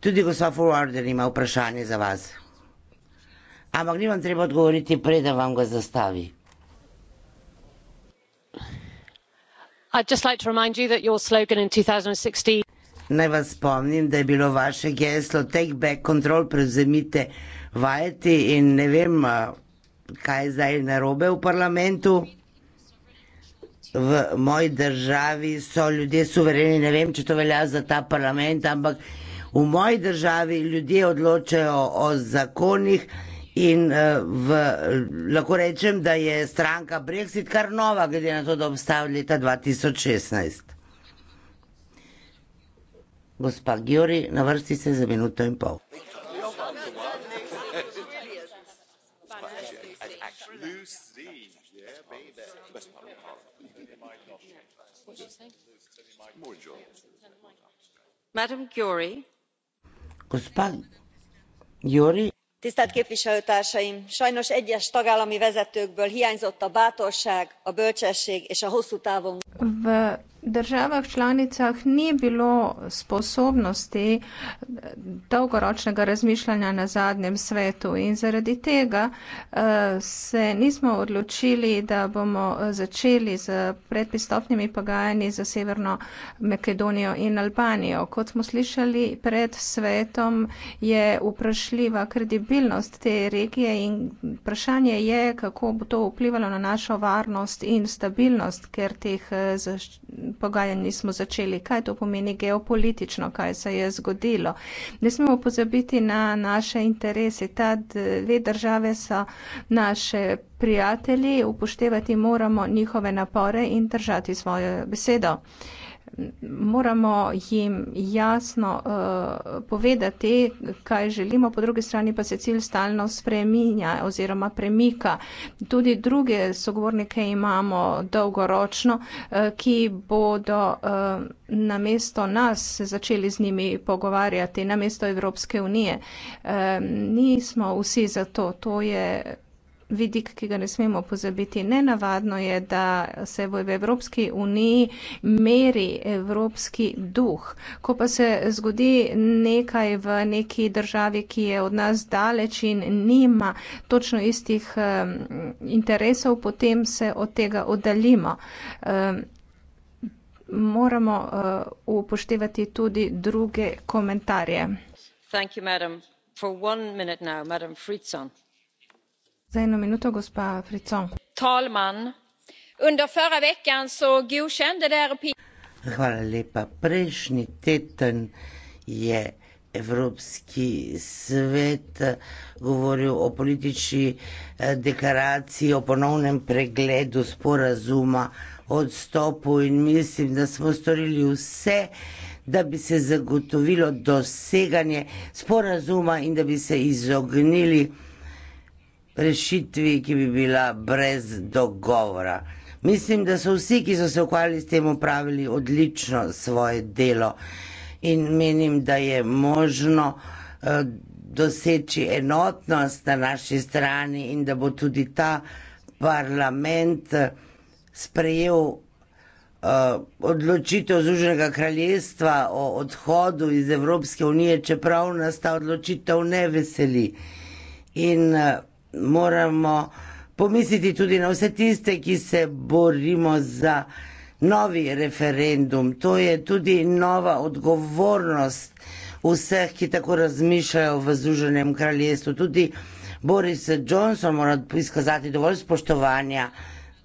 tudi gospa forwarden ima vprašanje za vas ampak ni vam treba odgovoriti preden vam ga zastavi naj vas spomnim da je bilo vaše geslo take back control prevzemite vajeti in ne vem kaj je zdaj narobe v parlamentu v moji državi so ljudje suvereni, ne vem, če to velja za ta parlament, ampak v moji državi ljudje odločajo o zakonih in eh, v, lahko rečem, da je stranka Brexit kar nova, glede na to, da obstaja od leta 2016. Gospa Giori, na vrsti ste za minuto in pol. gospa juri tisztelt képviselőtársaim sajnos egyes tagállami vezetőkből hiányzott a bátorság a bölcsesség és a hosszú távon. v državah članicah ni bilo sposobnosti dolgoročnega razmišljanja na zadnjem svetu in zaradi tega eh, se nismo odločili da bomo eh, začeli z predpristopnimi pogajanji za severno makedonijo in albanijo kot smo slišali pred svetom je vprašljiva kredibilnost stabilnost te regije in vprašanje je, kako bo to vplivalo na našo varnost in stabilnost, ker teh eh, pogajanj nismo začeli. Kaj to pomeni geopolitično, kaj se je zgodilo? Ne smemo pozabiti na naše interese. Ta dve države so naše prijatelji, upoštevati moramo njihove napore in držati svojo besedo moramo jim jasno uh, povedati, kaj želimo, po drugi strani pa se cilj stalno spreminja oziroma premika. Tudi druge sogovornike imamo dolgoročno, uh, ki bodo uh, eh, na mesto nas začeli z njimi pogovarjati, na mesto Evropske unije. Uh, nismo vsi za to, to je vidik, ki ga ne smemo pozabiti. Nenavadno je, da se v Evropski uniji meri evropski duh. Ko pa se zgodi nekaj v neki državi, ki je od nas daleč in nima točno istih um, interesov, potem se od tega oddaljimo. Um, moramo uh, upoštevati tudi druge komentarje. Thank you, madam. For one minute now, Madam Fritzon. Herr talman! Under förra veckan så godkände det europeiska... Hvala lepa. Prejšnji teden je Evropski svet govoril o politični eh, deklaraciji, o ponovnem pregledu sporazuma o odstopu in mislim, da smo storili vse, da bi se zagotovilo doseganje sporazuma in da bi se izognili rešitvi, ki bi bila brez dogovora. Mislim, da so vsi, ki so se ukvarjali s tem, upravili odlično svoje delo in menim, da je možno eh, doseči enotnost na naši strani in da bo tudi ta parlament eh, sprejel uh, odločitev Združenega kraljestva o odhodu iz Evropske unije, čeprav nas ta odločitev ne veseli. In uh, moramo pomisliti tudi na vse tiste, ki se borimo za novi referendum. To je tudi nova odgovornost vseh, ki tako razmišljajo v Združenem kraljestvu. Tudi Boris Johnson mora izkazati dovolj spoštovanja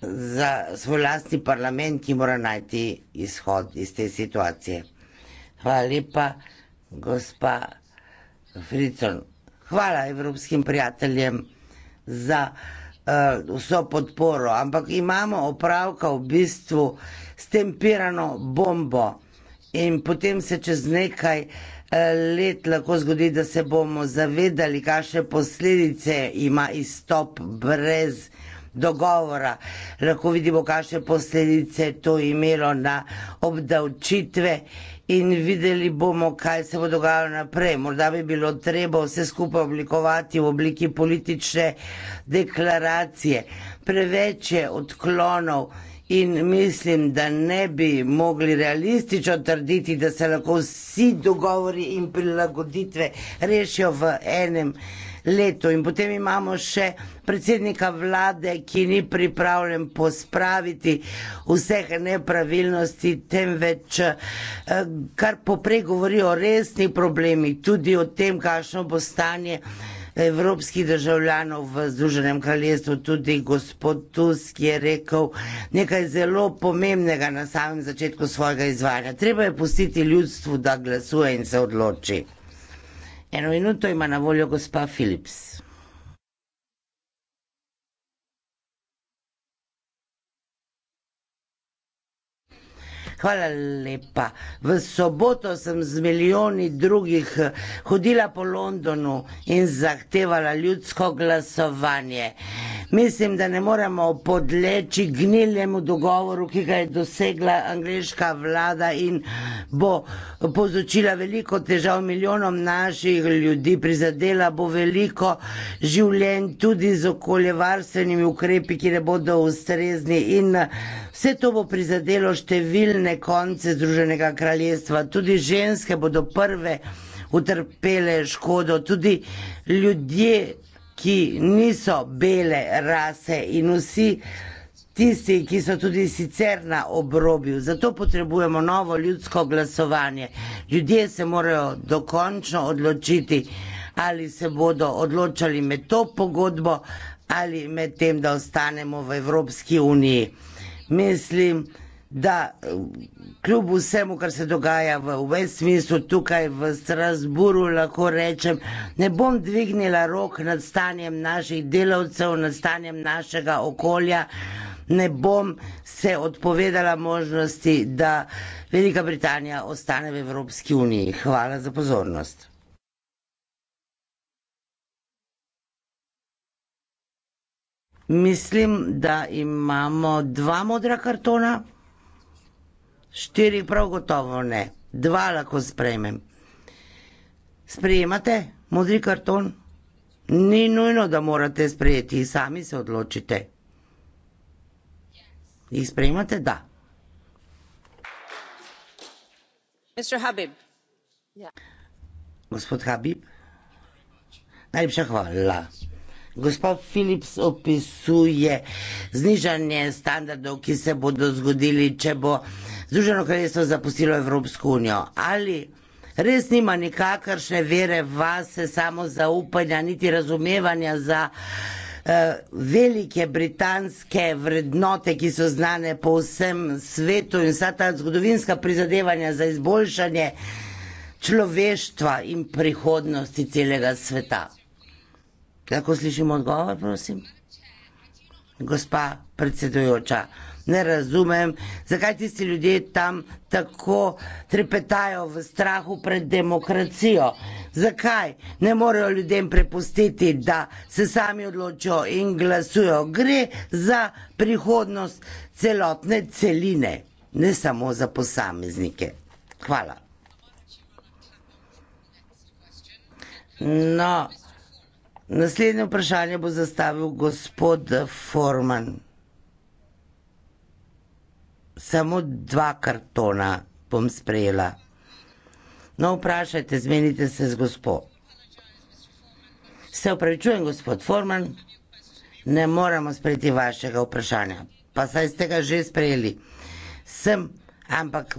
za svoj lastni parlament, ki mora najti izhod iz te situacije. Hvala lepa, gospa Fricon. Hvala evropskim prijateljem za uh, vso podporo, ampak imamo opravka v bistvu s tempirano bombo in potem se čez nekaj eh, Let lahko zgodi, da se bomo zavedali, kakšne posledice ima izstop brez dogovora. Lahko vidimo, kakšne posledice to imelo na obdavčitve, uh, in videli bomo, kaj se bo dogajalo naprej. Morda bi bilo treba vse skupaj oblikovati v obliki politične deklaracije. Preveč je odklonov in mislim, da ne bi mogli realistično trditi, da se lahko vsi dogovori in prilagoditve rešijo v enem leto. In potem imamo še predsednika vlade, ki ni pripravljen pospraviti vseh nepravilnosti, temveč eh, kar poprej govori o resnih problemih, tudi o tem, kakšno bo stanje evropskih državljanov v Združenem kraljestvu. Tudi gospod Tusk je rekel nekaj zelo pomembnega na samem začetku svojega izvajanja. Treba je pustiti ljudstvu, da glasuje in se odloči. Eno minuto ima na voljo gospa Philips. Hvala lepa. V soboto sem z milijoni drugih hodila po Londonu in zahtevala ljudsko glasovanje. Mislim, da ne moremo podleči gnilemu dogovoru, ki ga je dosegla angliška vlada in bo povzročila veliko težav milijonom naših ljudi, prizadela bo veliko življenj tudi z okoljevarstvenimi ukrepi, ki ne bodo ustrezni in vse to bo prizadelo številne konce Združenega kraljestva. Tudi ženske bodo prve utrpele škodo, tudi ljudje ki niso bele rase in vsi tisti, ki so tudi sicer na obrobju. Zato potrebujemo novo ljudsko glasovanje. Ljudje se morajo dokončno odločiti, ali se bodo odločali med to pogodbo ali med tem, da ostanemo v Evropski uniji. Mislim, da kljub vsemu, kar se dogaja v Westminsteru, tukaj v Strasburu, lahko rečem, ne bom dvignila rok nad stanjem naših delavcev, nad stanjem našega okolja. Ne bom se odpovedala možnosti, da Velika Britanija ostane v Evropski uniji. Hvala za pozornost. Mislim, da imamo dva modra kartona. Štiri prav gotovo ne. Dva lahko sprejmem. Sprejemate modri karton? Ni nujno, da morate sprejeti. Sami se odločite. Jih sprejmate? Da. Mr. Habib. Ja. Gospod Habib. Najlepša hvala. Gospod Philips opisuje znižanje standardov, ki se bodo zgodili, če bo Združeno kraljestvo zapustilo Evropsko unijo. Ali res nima nikakršne vere vase, samo zaupanja, niti razumevanja za eh, velike britanske vrednote, ki so znane po vsem svetu in vsa ta zgodovinska prizadevanja za izboljšanje človeštva in prihodnosti celega sveta. Lahko slišimo odgovor, prosim? Gospa predsedujoča ne razumem, zakaj tisti ljudje tam tako trepetajo v strahu pred demokracijo. Zakaj ne morejo ljudem prepustiti, da se sami odločijo in glasujo? Gre za prihodnost celotne celine, ne samo za posameznike. Hvala. No, naslednje vprašanje bo zastavil gospod Forman samo dva kartona bom sprejela. No, vprašajte, zmenite se z gospod. Se upravičujem, gospod Forman, ne moramo sprejeti vašega vprašanja. Pa saj ste ga že sprejeli. Sem, ampak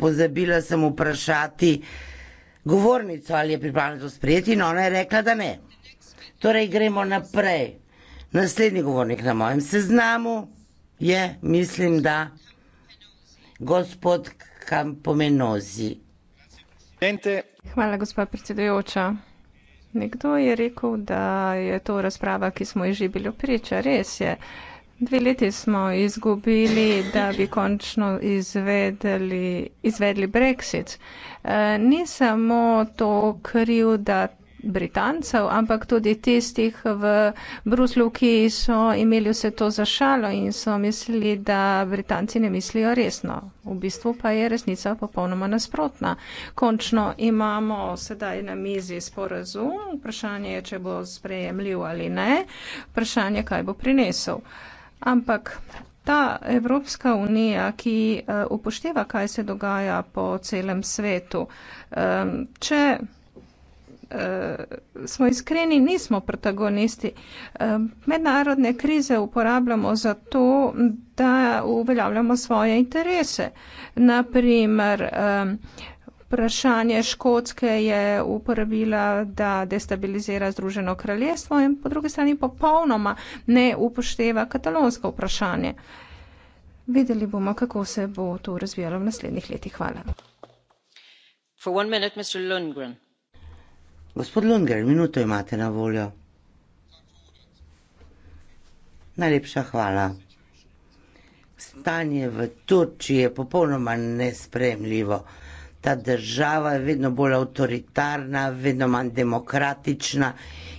pozabila sem vprašati govornico, ali je pripravljena to sprejeti, no ona je rekla, da ne. Torej, gremo naprej. Naslednji govornik na mojem seznamu je, mislim, da gospod Kampomenozi. Hvala, gospod predsedujoča. Nekdo je rekel, da je to razprava, ki smo ji že bili priča. Res je. Dve leti smo izgubili, da bi končno izvedli, izvedli Brexit. E, ni samo to kriv, da Britancev, ampak tudi tistih v Bruslju, ki so imeli vse to za šalo in so mislili, da Britanci ne mislijo resno. V bistvu pa je resnica popolnoma nasprotna. Končno imamo sedaj na mizi sporazum, vprašanje je, če bo sprejemljiv ali ne, vprašanje, kaj bo prinesel. Ampak ta Evropska unija, ki eh, upošteva, kaj se dogaja po celem svetu, eh, če smo iskreni, nismo protagonisti. Mednarodne krize uporabljamo za to, da uveljavljamo svoje interese. Naprimer, vprašanje Škotske je uporabila, da destabilizira Združeno kraljestvo in po drugi strani popolnoma ne upošteva katalonsko vprašanje. Videli bomo, kako se bo to razvijalo v naslednjih letih. Hvala. For one minute, Mr. Lundgren. Gospod Lunger, minuto imate na voljo. Najlepša hvala. Stanje v Turčiji je popolnoma nespremljivo. Ta država je vedno bolj avtoritarna, vedno manj demokratična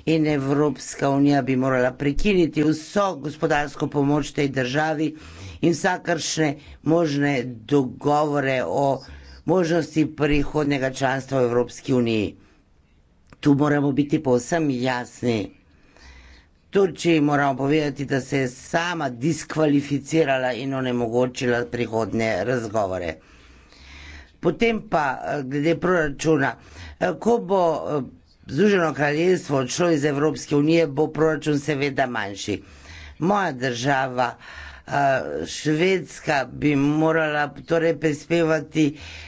in Evropska unija bi morala prekiniti vso gospodarsko pomoč tej državi in vsakršne možne dogovore o možnosti prihodnega članstva v Evropski uniji tu moramo biti posebno jasni. Turčiji moramo povedati, da se je sama diskvalificirala in onemogočila prihodne razgovore. Potem pa, eh, glede proračuna, eh, ko bo eh, Združeno kraljestvo odšlo iz Evropske unije, bo proračun seveda manjši. Moja država. Švedska bi morala torej prispevati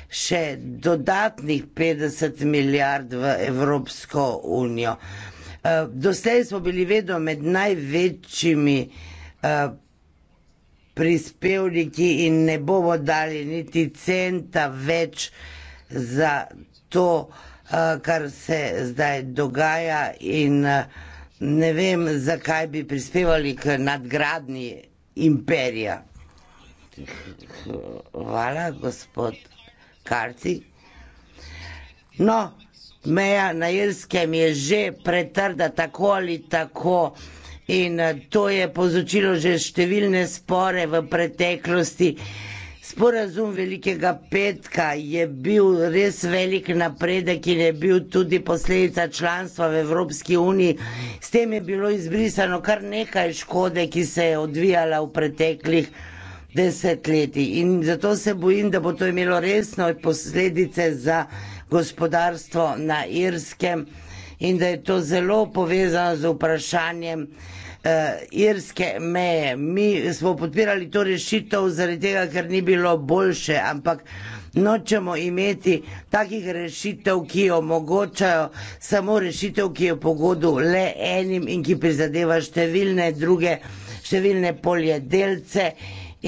še dodatnih 50 milijard v Evropsko unijo. Doslej smo bili vedno med največjimi prispevniki in ne bomo dali niti centa več za to, kar se zdaj dogaja in ne vem, zakaj bi prispevali k nadgradni imperija. Hvala, gospod Karci. No, meja na Irskem je že pretrda tako ali tako in eh, to je povzročilo že številne spore v preteklosti. Sporazum velikega petka je bil res velik napredek in je bil tudi posledica članstva v Evropski uniji. S tem je bilo izbrisano kar nekaj škode, ki se je odvijala v preteklih desetletjih. In zato se bojim, da bo to imelo resno posledice za gospodarstvo na Irskem in da je to zelo povezano z vprašanjem, uh, irske meje. Mi smo podpirali to rešitev zaradi tega, ker ni bilo boljše, ampak nočemo imeti takih rešitev, ki omogočajo samo rešitev, ki je pogodu le enim in ki prizadeva številne druge, številne polje delce.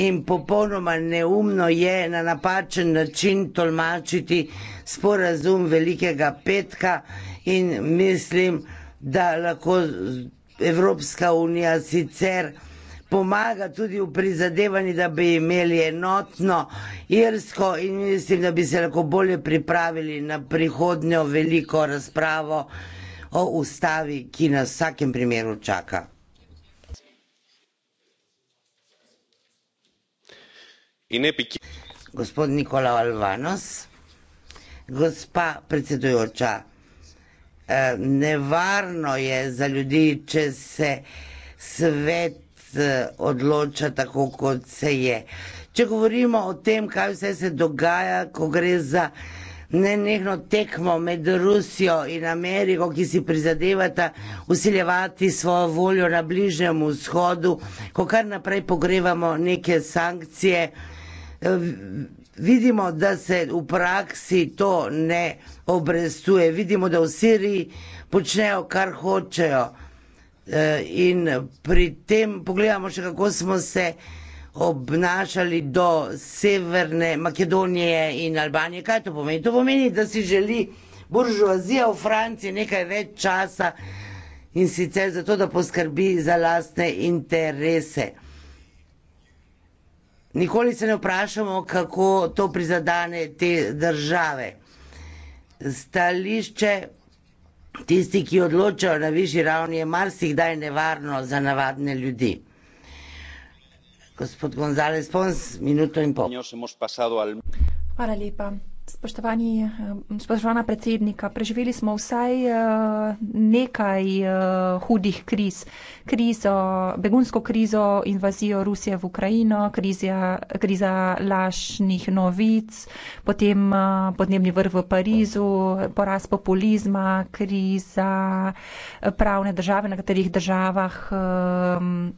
In popolnoma neumno je na napačen način tolmačiti sporazum velikega petka in mislim, da lahko Evropska unija sicer pomaga tudi v prizadevanju, da bi imeli enotno Irsko in mislim, da bi se lahko bolje pripravili na prihodnjo veliko razpravo o ustavi, ki nas v vsakem primeru čaka. Gospod Nikola Alvanos, gospa predsedujoča. Eh, nevarno je za ljudi, če se svet eh, odloča tako, kot se je. Če govorimo o tem, kaj vse se dogaja, ko gre za nenehno tekmo med Rusijo in Ameriko, ki si prizadevata usiljevati svojo voljo na bližnjem vzhodu, ko kar naprej pogrevamo neke sankcije, eh, Vidimo, da se v praksi to ne obrestuje. Vidimo, da v Siriji počnejo, kar hočejo. E, in pri tem pogledamo še, kako smo se obnašali do Severne Makedonije in Albanije. Kaj to pomeni? To pomeni, da si želi buržuazija v Franciji nekaj več časa in sicer zato, da poskrbi za lastne interese. Nikoli se ne vprašamo, kako to prizadane te države. Stališče tisti, ki odločajo na višji ravni, je marsikdaj nevarno za navadne ljudi. Gospod González Pons, minuto in pol. Hvala lepa. Spoštovani, eh, spoštovana predsednika, preživeli smo vsaj eh, nekaj eh, hudih kriz. Krizo, begunsko krizo, invazijo Rusije v Ukrajino, krizja, kriza lažnih novic, potem podnebni vrh v Parizu, poraz populizma, kriza pravne države, na katerih državah. Um,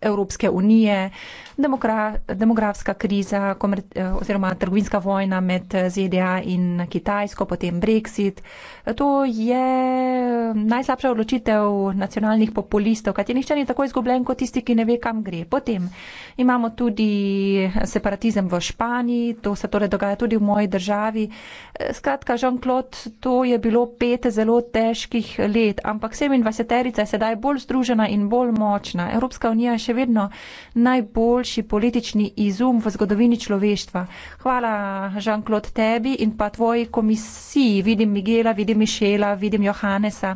Evropske unije, demogra demografska kriza oziroma trgovinska vojna med ZDA in Kitajsko, potem Brexit. To je najslabša odločitev nacionalnih populistov, kajti nihče ni tako izgubljen kot tisti, ki ne ve, kam gre. Potem imamo tudi separatizem v Španiji, to se torej dogaja tudi v moji državi. Skratka, Jean-Claude, to je bilo pet zelo težkih let, ampak 27. je sedaj bolj združena in bolj močna. Evropska unija je še še vedno najboljši politični izum v zgodovini človeštva. Hvala, Jean-Claude, tebi in pa tvoji komisiji. Vidim Migela, vidim Mišela, vidim Johannesa.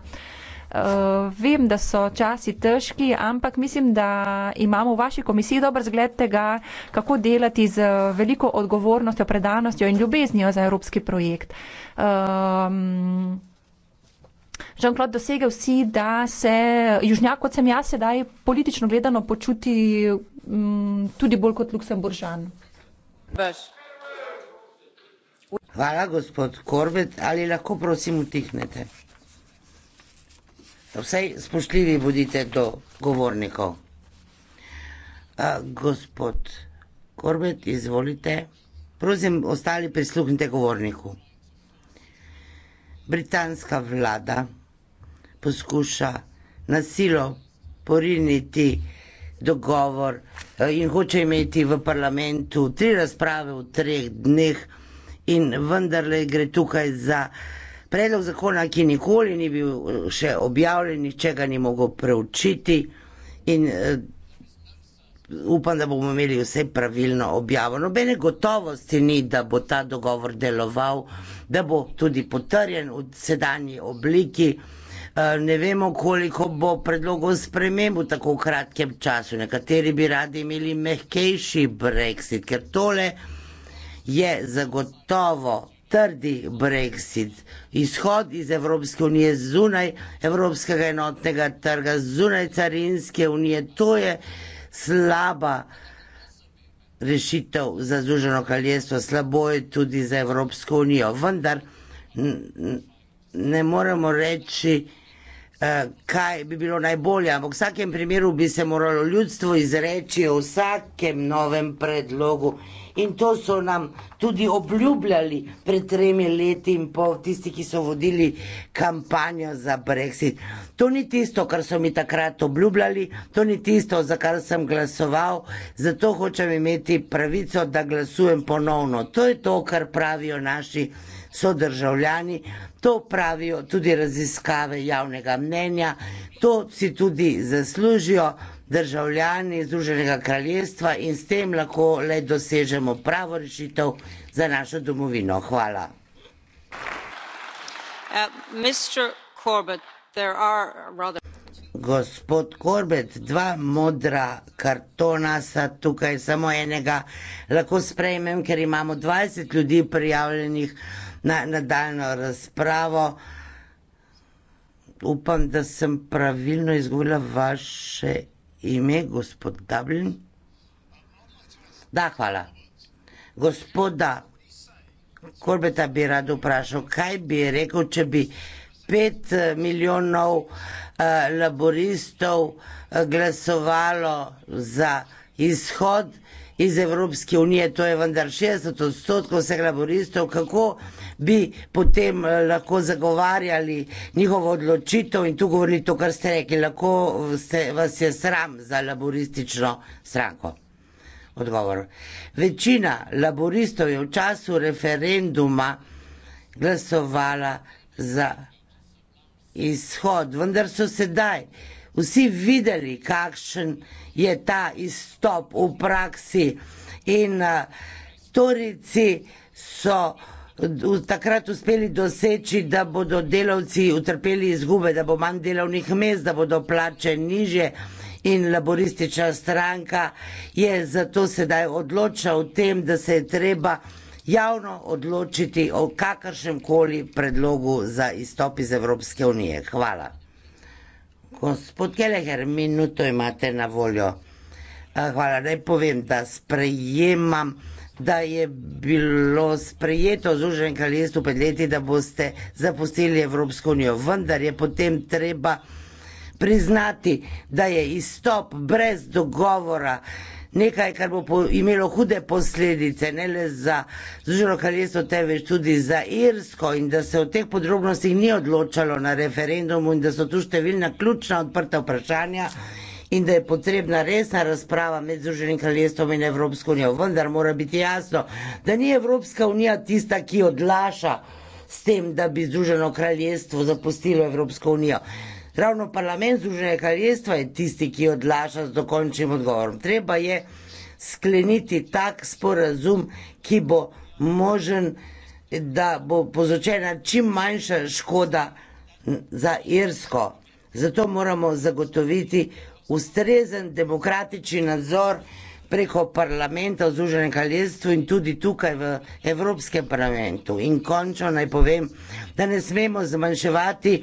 Uh, vem, da so časi težki, ampak mislim, da imamo v vaši komisiji dober zgled tega, kako delati z veliko odgovornostjo, predanostjo in ljubeznijo za evropski projekt. Uh, Jean-Claude dosegel si, da se južnjak, kot sem jaz, sedaj politično gledano počuti um, tudi bolj kot Luksemburžan. Hvala, gospod Korvet. Ali lahko prosim utihnete? Vsaj spoštljivi bodite do govornikov. A, gospod Korvet, izvolite. Prosim, ostali prisluhnite govorniku. Britanska vlada poskuša na silo poriniti dogovor eh, in hoče imeti v parlamentu tri razprave v treh dneh, in vendarle gre tukaj za predlog zakona, ki nikoli ni bil eh, še objavljen, nihče ga ni mogel preučiti. In, eh, Upam, da bomo imeli vse pravilno objavo. Nobene gotovosti ni, da bo ta dogovor deloval, da bo tudi potrjen v sedanji obliki. Eh, ne vemo, koliko bo predlogov sprememb v tako kratkem času. Nekateri bi radi imeli mehkejši brexit, ker tole je zagotovo trdi brexit, izhod iz Evropske unije zunaj Evropskega enotnega trga, zunaj carinske unije. To je slaba rešitev za Združeno kraljestvo, slabo je tudi za Evropsko unijo. Vendar ne moremo reči, Eh, kaj bi bilo najbolje. Ampak v vsakem primeru bi se moralo ljudstvo izreči o vsakem novem predlogu. In to so nam tudi obljubljali pred tremi leti in pol tisti, ki so vodili kampanjo za Brexit. To ni tisto, kar so mi takrat obljubljali, to ni tisto, za kar sem glasoval, zato hočem imeti pravico, da glasujem ponovno. To je to, kar pravijo naši so državljani. To pravijo tudi raziskave javnega mnenja, to si tudi zaslužijo državljani Združenega kraljestva in s tem lahko le dosežemo pravo rešitev za našo domovino. Hvala. Uh, Gospod Korbet, dva modra kartona sta tukaj, samo enega lahko sprejmem, ker imamo 20 ljudi prijavljenih na nadaljno razpravo. Upam, da sem pravilno izgovorila vaše ime, gospod Dublin. Da, hvala. Gospoda Korbeta bi rad vprašal, kaj bi rekel, če bi pet eh, milijonov uh, laboristov uh, glasovalo za izhod iz Evropske unije, to je vendar 60 odstotkov vseh laboristov, kako bi potem eh, lahko zagovarjali njihovo odločitev in tu govorili to, kar ste rekli, lahko se, vas je sram za laboristično stranko. Odgovor. Večina laboristov je v času referenduma glasovala za izhod, vendar so sedaj vsi videli, kakšen je ta izstop v praksi. In uh, Turici so v, takrat uspeli doseči, da bodo delavci utrpeli izgube, da bo manj delovnih mest, da bodo plače niže. In laboristična stranka je zato sedaj odločila o tem, da se je treba javno odločiti o kakršnem koli predlogu za izstop iz Evropske unije. Hvala. Gospod Keleher, minuto imate na voljo. Eh, hvala, da povem, da sprejemam, da je bilo sprejeto z Uženem kraljestvu pred leti, da boste zapustili Evropsko unijo, vendar je potem treba priznati, da je izstop brez dogovora nekaj, kar bo po, imelo hude posledice, ne le za Združeno kraljestvo, temveč tudi za Irsko, in da se o teh podrobnostih ni odločalo na referendumu, in da so tu številna ključna odprta vprašanja, in da je potrebna resna razprava med Združenim kraljestvom in Evropsko unijo. Vendar mora biti jasno, da ni Evropska unija tista, ki odlaša s tem, da bi Združeno kraljestvo zapustilo Evropsko unijo ravno parlament Združenega kraljestva je tisti, ki odlaša z dokončnim odgovorom. Treba je skleniti tak sporazum, ki bo možen, da bo povzročena čim manjša škoda za Irsko. Zato moramo zagotoviti ustrezen demokratični nadzor preko parlamenta v Združenem kraljestvu in tudi tukaj v Evropskem parlamentu. In končno naj povem, da ne smemo zmanjševati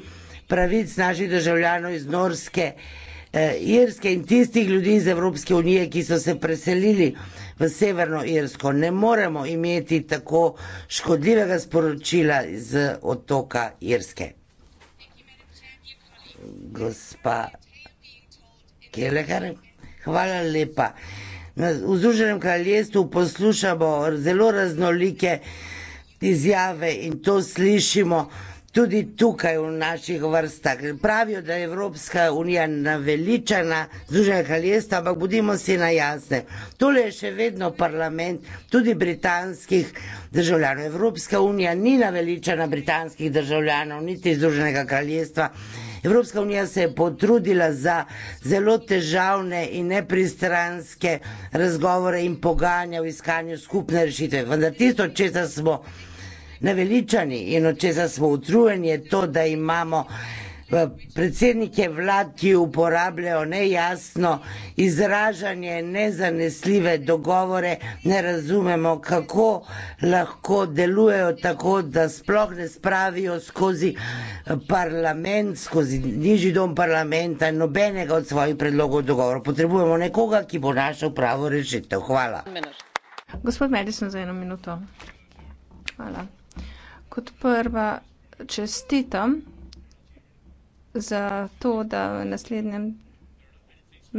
pravic naših državljanov iz Norske, eh, Irske in tistih ljudi iz Evropske unije, ki so se preselili v Severno Irsko. Ne moremo imeti tako škodljivega sporočila iz otoka Irske. Gospa Kelehar, hvala lepa. V Združenem kraljestvu poslušamo zelo raznolike izjave in to slišimo tudi tukaj v naših vrstah. Pravijo, da je Evropska unija naveličana Združenega kraljestva, ampak bodimo si na jasne. Tole je še vedno parlament tudi britanskih državljanov. Evropska unija ni naveličana britanskih državljanov, niti Združenega kraljestva. Evropska unija se je potrudila za zelo težavne in nepristranske razgovore in pogajanja v iskanju skupne rešitve. Vendar tisto, če smo naveličani in od česa smo utrujeni, je to, da imamo eh, predsednike vlad, ki uporabljajo nejasno izražanje, nezanesljive dogovore, ne razumemo, kako lahko delujejo tako, da sploh ne spravijo skozi eh, parlament, skozi nižji dom parlamenta nobenega od svojih predlogov dogovora. Potrebujemo nekoga, ki bo našel pravo rešitev. Hvala. Gospod Medison, za eno minuto. Hvala. Kot prva čestitam za to, da v naslednjem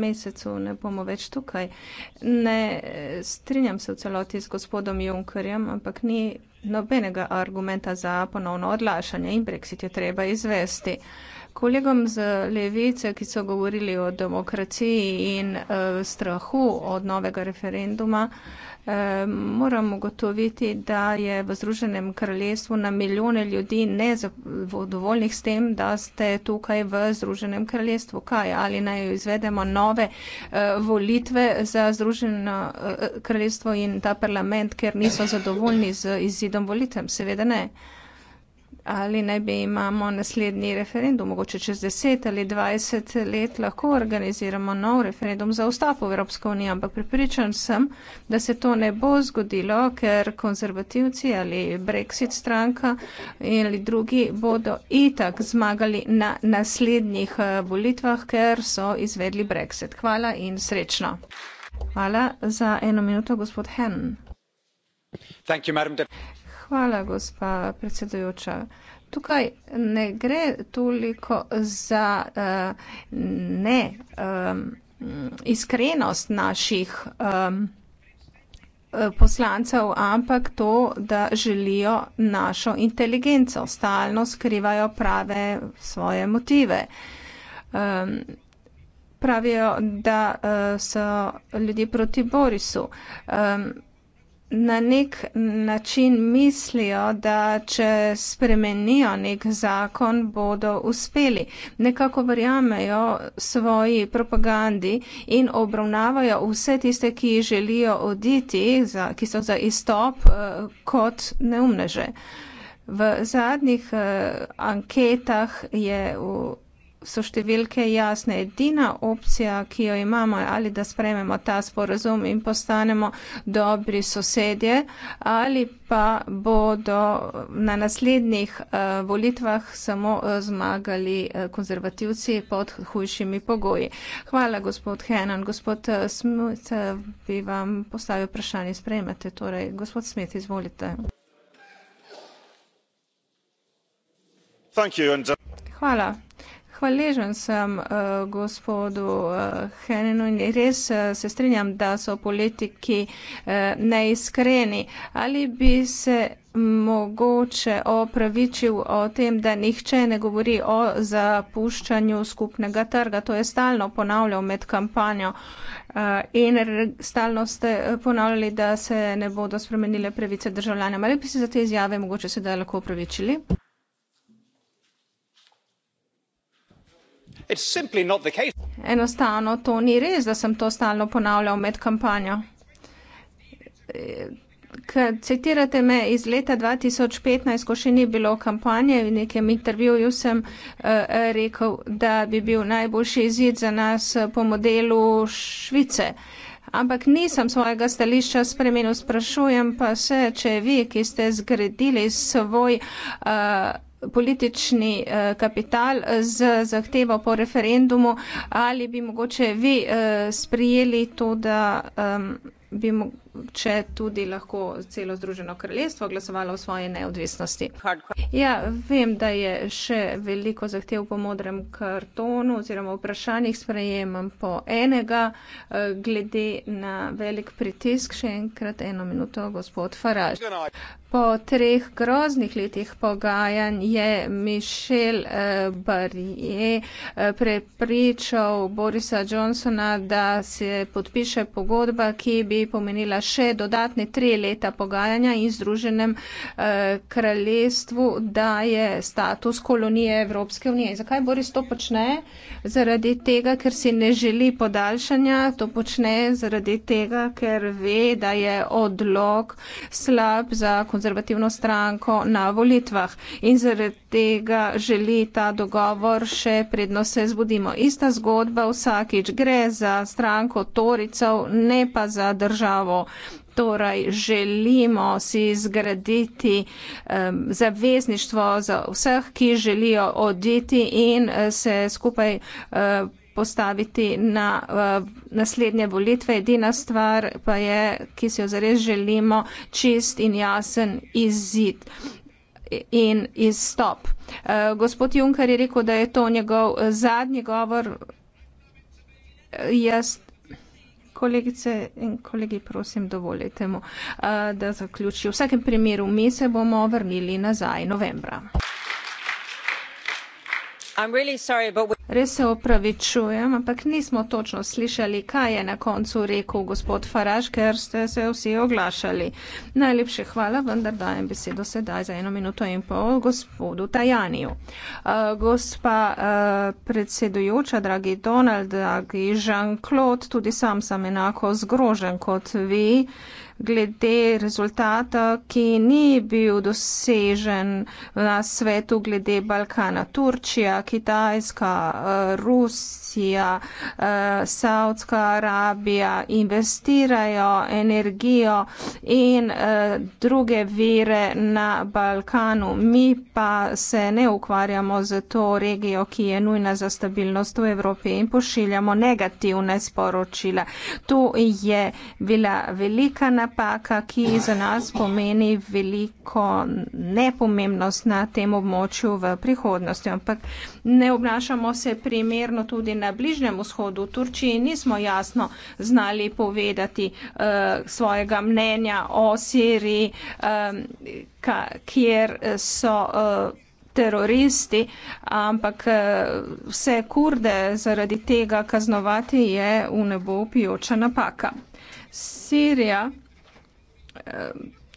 mesecu ne bomo več tukaj. Ne strinjam se v celoti z gospodom Junckerjem, ampak ni nobenega argumenta za ponovno odlašanje in Brexit je treba izvesti. Kolegom z levice, ki so govorili o demokraciji in uh, strahu od novega referenduma, uh, moram ugotoviti, da je v Združenem kraljestvu na milijone ljudi nezadovoljnih s tem, da ste tukaj v Združenem kraljestvu. Kaj, ali naj izvedemo nove uh, volitve za Združeno uh, kraljestvo in ta parlament, ker niso zadovoljni z izidom volitev? Seveda ne ali naj bi imamo naslednji referendum, mogoče čez 10 ali 20 let lahko organiziramo nov referendum za vstop v Evropsko unijo, ampak pripričan sem, da se to ne bo zgodilo, ker konzervativci ali Brexit stranka ali drugi bodo itak zmagali na naslednjih eh, volitvah, ker so izvedli Brexit. Hvala in srečno. Hvala za eno minuto, gospod Hen. Hvala, gospa predsedujoča. Tukaj ne gre toliko za uh, ne um, iskrenost naših um, poslancev, ampak to, da želijo našo inteligenco. Stalno skrivajo prave svoje motive. Um, pravijo, da uh, so ljudje proti Borisu. Um, na nek način mislijo, da če spremenijo nek zakon, bodo uspeli. Nekako verjamejo svoji propagandi in obravnavajo vse tiste, ki želijo oditi, za, ki so za izstop, eh, kot neumneže. V zadnjih eh, anketah je v so številke jasne. Edina opcija, ki jo imamo, je ali da sprememo ta sporozum in postanemo dobri sosedje, ali pa bodo na naslednjih uh, volitvah samo uh, zmagali uh, konzervativci pod hujšimi pogoji. Hvala, gospod Henan. Gospod Smith bi vam postavil vprašanje. Sprejmete, torej, gospod Smith, izvolite. Uh, Hvala hvaležen sem uh, gospodu uh, eh, Henenu in res uh, se strinjam, da so politiki uh, neiskreni. Ali bi se mogoče opravičil o tem, da nihče ne govori o zapuščanju skupnega trga. To je stalno ponavljal med kampanjo in stalno ste ponavljali, da se ne bodo spremenile pravice državljanjem. Ali bi se za te izjave mogoče sedaj lahko opravičili? Enostavno to ni res, da sem to stalno ponavljal med kampanjo. Citirate me iz leta 2015, ko še ni bilo kampanje, v nekem intervjuju sem eh, rekel, da bi bil najboljši izid za nas eh, po modelu Švice. Ampak nisem svojega stališča spremenil, sprašujem pa se, če vi, ki ste zgradili svoj. Uh, politični eh, kapital z zahtevo po referendumu, ali bi mogoče vi eh, sprijeli to, da. Eh, bi mogoče tudi lahko celo Združeno kraljestvo glasovalo o svoje neodvisnosti. Ja, vem, da je še veliko zahtev po modrem kartonu oziroma vprašanjih sprejemam po enega. Eh, glede na velik pritisk, še enkrat eno minuto, gospod Faraž. Po treh groznih letih pogajanj je Mišel eh, Barje eh, prepričal Borisa Johnsona, da se podpiše pogodba, ki bi pomenila še dodatne tri leta pogajanja in združenem eh, kraljestvu, da je status kolonije Evropske unije. Zakaj Boris to počne? Zaradi tega, ker si ne želi podaljšanja, to počne zaradi tega, ker ve, da je odlog slab za konzervativno stranko na volitvah in zaradi tega želi ta dogovor še predno se zbudimo. Ista zgodba vsakič gre za stranko Toricov, ne pa za državljanov državo. Torej, želimo si zgraditi um, zavezništvo za vseh, ki želijo oditi in eh, se skupaj uh, postaviti na uh, naslednje volitve. Edina stvar pa je, ki si jo zares želimo, čist in jasen izid in izstop. Uh, gospod Juncker je rekel, da je to njegov zadnji govor. Jaz kolegice in kolegi, prosim, dovolite mu, da zaključi. V vsakem primeru mi se bomo vrnili nazaj novembra. Res se opravičujem, ampak nismo točno slišali, kaj je na koncu rekel gospod Faraž, ker ste se vsi oglašali. Najlepše hvala, vendar dajem besedo sedaj za eno minuto in pol gospodu Tajaniju. Uh, gospa uh, predsedujoča, dragi Donald, dragi Jean-Claude, tudi sam sem enako zgrožen kot vi. Uh, glede rezultata, ki ni bil dosežen na svetu glede Balkana. Turčija, Kitajska, Rusija, eh, Saudska Arabija investirajo energijo in eh, druge vire na Balkanu. Mi pa se ne ukvarjamo z to regijo, ki je nujna za stabilnost v Evropi in pošiljamo negativne sporočile. Tu je bila velika napredka napaka, ki za nas pomeni veliko nepomembnost na tem območju v prihodnosti. Ampak ne obnašamo se primerno tudi na Bližnjem vzhodu, v Turčiji nismo jasno znali povedati uh, svojega mnenja o Siriji, um, ka, kjer so. Uh, teroristi, ampak vse kurde zaradi tega kaznovati je v nebo pijoča napaka. Sirija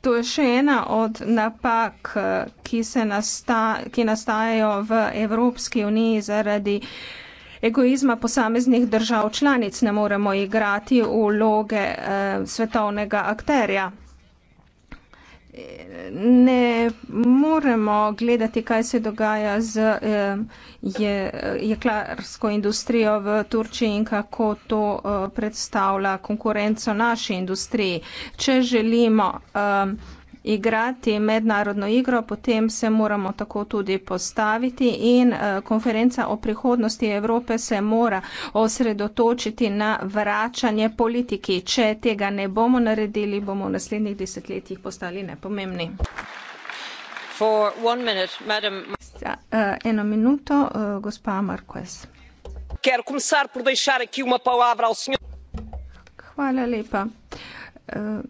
to je še ena od napak, eh, ki, se nasta, ki nastajajo v Evropski uniji zaradi egoizma posameznih držav članic. Ne moremo igrati vloge eh, svetovnega akterja ne moremo gledati, kaj se dogaja z je, jeklarsko industrijo v Turčiji in kako to eh, predstavlja konkurenco naši industriji. Če želimo um, igrati mednarodno igro, potem se moramo tako tudi postaviti in eh, konferenca o prihodnosti Evrope se mora osredotočiti na vračanje politiki. Če tega ne bomo naredili, bomo v naslednjih desetletjih postali nepomembni. Minute, uh, eno minuto, uh, gospa Marquez. Hvala lepa. Uh,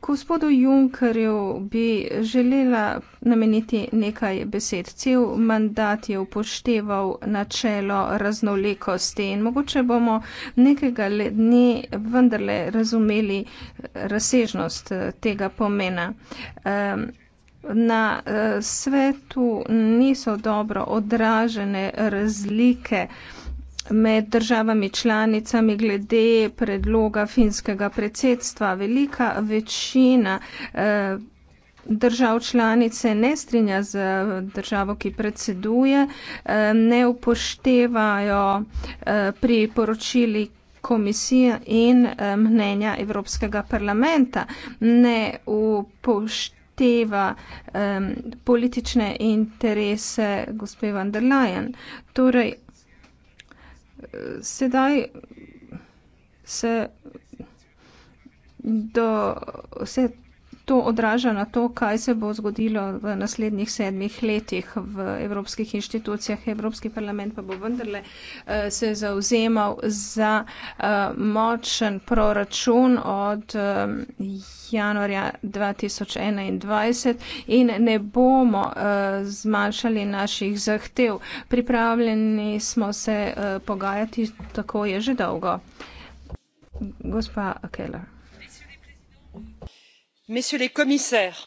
Gospodu Junkerju bi želela nameniti nekaj besed. Cel mandat je upošteval načelo raznolikosti in mogoče bomo nekega dne vendarle razumeli eh, razsežnost eh, tega pomena. Na eh, svetu niso dobro odražene razlike med državami članicami glede predloga finskega predsedstva. Velika večina eh, držav članice ne strinja z eh, državo, ki predseduje, eh, ne upoštevajo pri poročili komisije in mnenja Evropskega parlamenta, ne upošteva politične interese gospe van der Leyen. Torej, sedaj se do vse to odraža na to, kaj se bo zgodilo v naslednjih sedmih letih v evropskih inštitucijah. Evropski parlament pa bo vendarle eh, se zauzemal za eh, močen proračun od eh, januarja 2021 in ne bomo zmanjšali naših zahtev. Pripravljeni smo se pogajati, tako je že dolgo. Gospa Keller messieurs les commissaires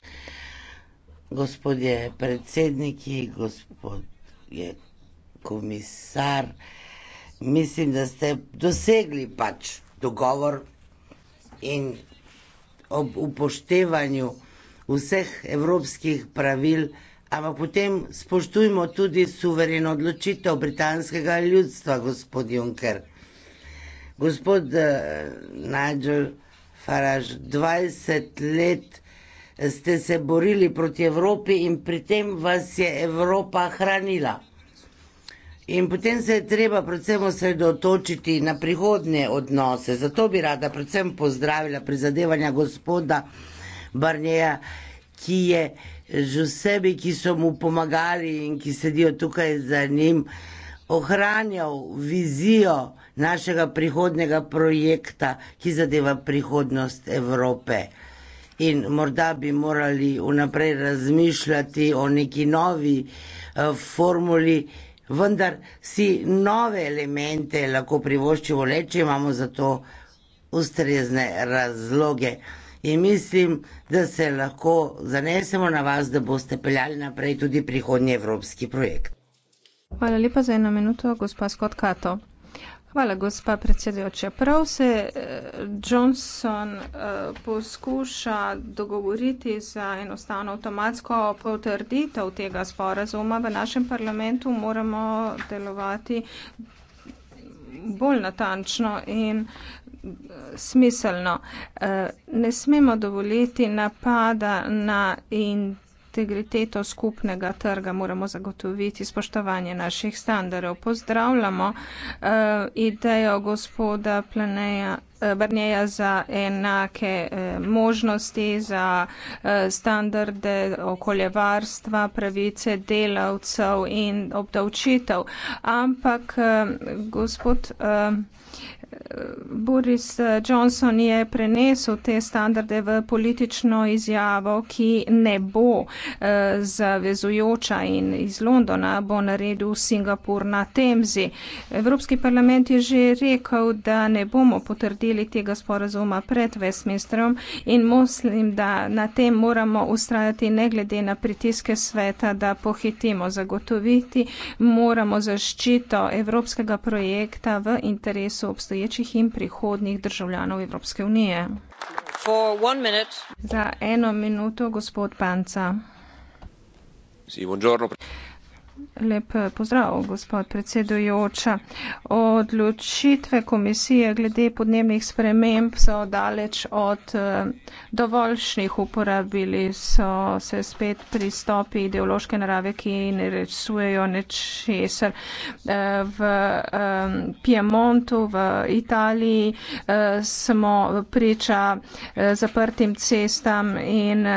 gospodje predsedniki gospodje komisar mislim da ste dosegli pač dogovor in ob upoštevanju vseh evropskih pravil ampak potem spoštujmo tudi suvereno odločitev britanskega ljudstva gospod juncker gospod uh, Nigel Faraž, 20 let ste se borili proti Evropi in pri tem vas je Evropa hranila. In potem se je treba predvsem osredotočiti na prihodnje odnose. Zato bi rada predvsem pozdravila prizadevanja gospoda Barnjeja, ki je že sebi, ki so mu pomagali in ki sedijo tukaj za njim, ohranjal vizijo našega prihodnega projekta, ki zadeva prihodnost Evrope. In morda bi morali vnaprej razmišljati o neki novi eh, formuli, vendar si nove elemente lahko privoščimo le, če imamo za to ustrezne razloge. In mislim, da se lahko zanesemo na vas, da boste peljali naprej tudi prihodnji evropski projekt. Hvala lepa za eno minuto, gospa Skotkato. Hvala, gospa predsedujoča. Prav se eh, Johnson eh, poskuša dogovoriti za enostavno avtomatsko potrditev tega sporazuma. V našem parlamentu moramo delovati bolj natančno in eh, smiselno. Ne smemo dovoliti napada na Indijo integriteto skupnega trga moramo zagotoviti spoštovanje naših standardov. Pozdravljamo uh, idejo gospoda Planeja Eh, Brneja za enake eh, možnosti, za eh, standarde okoljevarstva, pravice delavcev in obdavčitev. Ampak gospod Boris Johnson je prenesel te standarde v politično izjavo, ki ne bo zavezujoča in iz Londona bo naredil Singapur na temzi. Evropski parlament je že rekel, da ne bomo potrdili deli tega sporazuma pred Vesmistrom in mislim, da na tem moramo ustrajati ne glede na pritiske sveta, da pohitimo zagotoviti, moramo zaščito evropskega projekta v interesu obstoječih in prihodnih državljanov Evropske unije. Za eno minuto, gospod Panca. Sì, buongiorno. Lep eh, pozdrav, gospod predsedujoča. Odločitve komisije glede podnebnih sprememb so daleč od eh, dovoljšnih. Uporabili so se spet pristopi ideološke narave, ki ne rešujejo nečesar. Eh, v Piemontu v Italiji smo priča zaprtim cestam in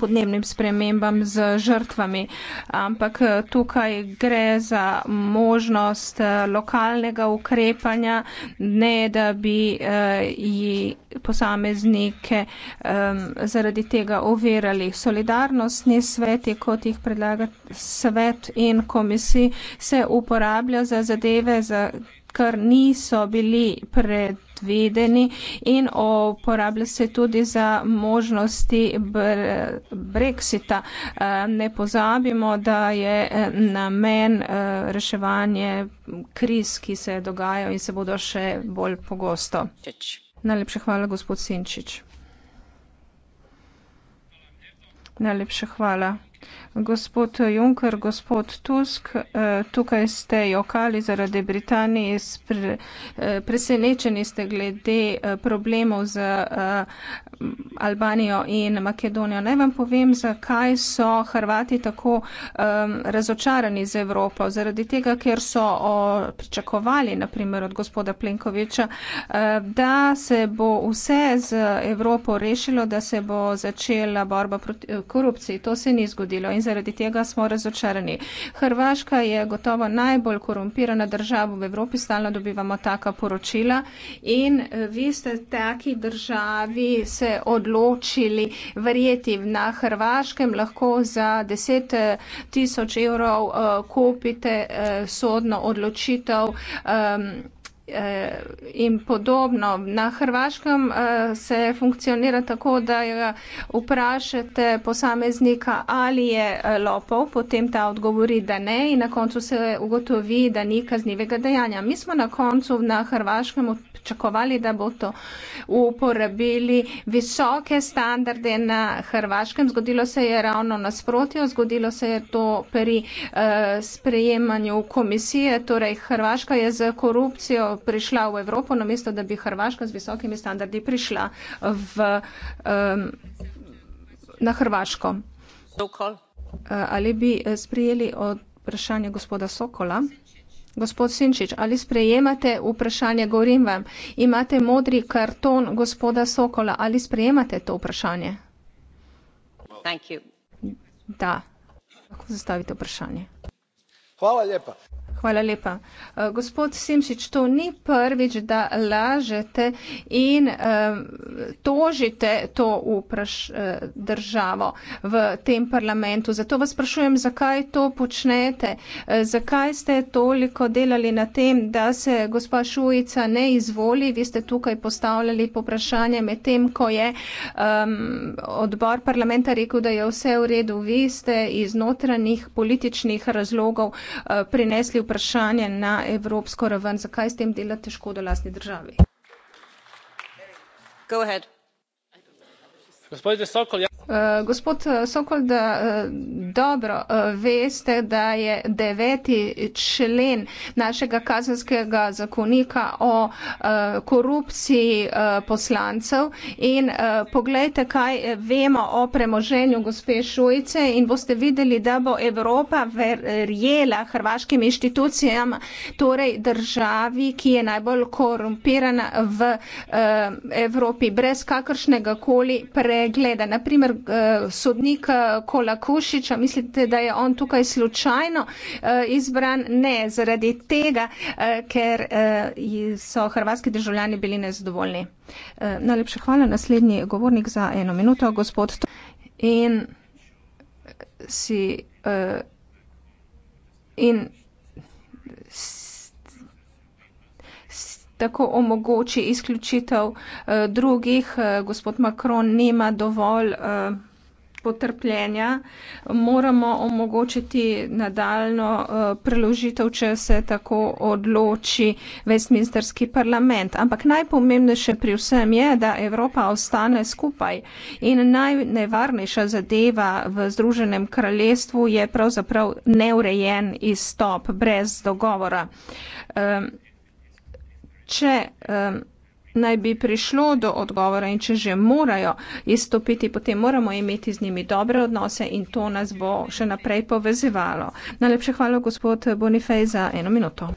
podnebnim spremembam z žrtvami, ampak eh, tukaj gre za možnost eh, lokalnega ukrepanja, ne da bi eh, ji posameznike eh, zaradi tega overali. Solidarnostni svet je, kot jih predlaga svet in komisij, se uporablja za zadeve, za kar niso bili pred predvideni in uporablja se tudi za možnosti brexita. Eh, ne pozabimo, da je eh, namen eh, reševanje kriz, ki se dogajajo in se bodo še bolj pogosto. Najlepša hvala, gospod Sinčič. Najlepša hvala. Gospod Juncker, gospod Tusk, eh, tukaj ste jokali zaradi Britanije, eh, presenečeni ste glede eh, problemov z Albanijo in Makedonijo. Naj vam povem, zakaj so Hrvati tako razočarani z Evropo. Zaradi tega, ker so pričakovali, naprimer, od gospoda Plenkoviča, da se bo vse z Evropo rešilo, da se bo začela borba proti korupciji. To se ni zgodilo. In zaradi tega smo razočarani. Hrvaška je gotovo najbolj korumpirana država v Evropi, stalno dobivamo taka poročila in eh, vi ste taki državi se odločili verjeti na Hrvaškem, lahko za 10 eh, tisoč evrov eh, kupite sodno odločitev. Ehm, Eh, in podobno. Na Hrvaškem eh, se funkcionira tako, da vprašate posameznika, ali je eh, lopov, potem ta odgovori, da ne in na koncu se ugotovi, da ni kaznivega dejanja. Mi smo na koncu na Hrvaškem čakovali, da bo to uporabili visoke standarde na Hrvaškem. Zgodilo se je ravno nasprotjo, zgodilo se je to pri uh, sprejemanju komisije. Torej, Hrvaška je z korupcijo prišla v Evropo, namesto da bi Hrvaška z visokimi standardi prišla v, um, na Hrvaško. Sokol. Ali bi eh, sprijeli od vprašanje gospoda Sokola? Gospod Sinčič, ali sprejemate vprašanje, govorim vam, imate modri karton gospoda Sokola, ali sprejemate to vprašanje? Da, lahko zastavite vprašanje. Hvala lijepa. Hvala lepa. Eh, gospod Simšič, to ni prvič, da lažete in eh, tožite to vpraš eh, državo v tem parlamentu. Zato vas sprašujem, zakaj to počnete, zakaj ste toliko delali na tem, da se gospa Šujica ne izvoli. Vi ste tukaj postavljali poprašanje med tem, ko je odbor parlamenta rekel, da je vse v redu. Vi ste iz notranjih političnih razlogov prinesli vprašanje vprašanje na evropsko raven. Zakaj s tem delate škodo lastni državi? Gospa Sokol, jaz Uh, gospod eh, Sokol, da uh, dobro uh, veste, da je deveti člen našega kazenskega zakonika o uh, korupciji uh, poslancev in uh, pogledajte, kaj vemo o premoženju gospe Šujce in boste videli, da bo Evropa verjela hrvaškim inštitucijam, torej državi, ki je najbolj korumpirana v uh, Evropi brez kakršnega koli pregleda. Naprimer, Eh, sodnika Kolakušiča, mislite, da je on tukaj slučajno eh, izbran? Ne, zaradi tega, eh, ker so hrvatski državljani bili nezadovoljni. Najlepša hvala, naslednji govornik za eno minuto, gospod. In si. In tako omogoči izključitev eh, drugih. Eh, gospod Macron nima dovolj eh, potrpljenja. Moramo omogočiti nadaljno eh, preložitev, če se tako odloči Westminsterski parlament. Ampak najpomembnejše pri vsem je, da Evropa ostane skupaj. In najnevarnejša zadeva v Združenem kraljestvu je pravzaprav neurejen izstop brez dogovora. Eh, če um, naj bi prišlo do odgovora in če že morajo izstopiti, potem moramo imeti z njimi dobre odnose in to nas bo še naprej povezevalo. Najlepše hvala, gospod Bonifej, za eno minuto.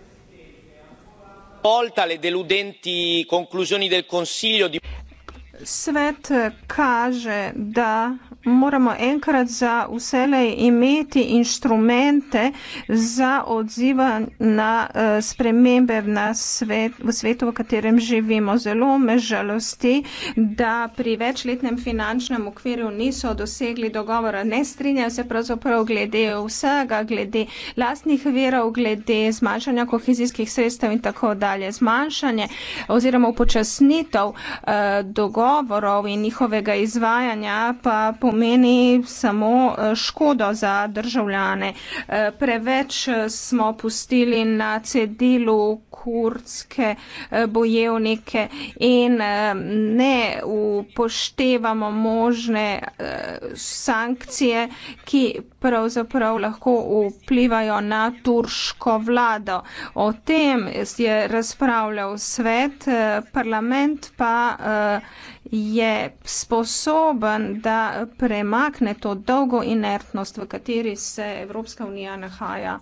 Svet kaže, da moramo enkrat za vselej imeti inštrumente za odziva na eh, spremembe v, svet, v svetu, v katerem živimo. Zelo me žalosti, da pri večletnem finančnem okviru niso dosegli dogovora. Ne strinjajo se pravzaprav glede vsega, glede lastnih verov, glede zmanjšanja kohezijskih sredstev in tako dalje. Zmanjšanje oziroma upočasnitev eh, dogovorov in njihovega izvajanja pa pomeni, pomeni samo eh, škodo za državljane. Eh, preveč eh, smo pustili na cedilu kurdske bojevnike in ne upoštevamo možne sankcije, ki pravzaprav lahko vplivajo na turško vlado. O tem je razpravljal svet, parlament pa je sposoben, da premakne to dolgo inertnost, v kateri se Evropska unija nahaja.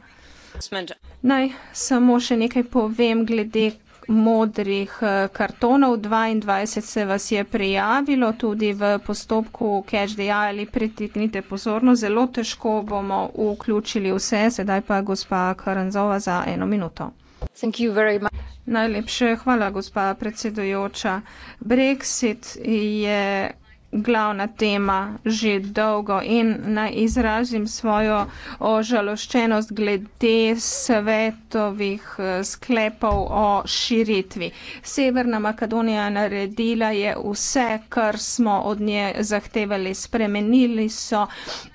Naj samo še nekaj povem glede modrih eh, kartonov. 22 se vas je prijavilo tudi v postopku CashDI ali pritiknite pozorno. Zelo težko bomo vključili vse. Sedaj pa gospa Karanzova za eno minuto. Thank you very much. Najlepše hvala, gospa predsedujoča. Brexit je glavna tema že dolgo in naj izrazim svojo ožaloščenost glede svetovih eh, sklepov o širitvi. Severna Makedonija naredila je vse, kar smo od nje zahtevali. Spremenili so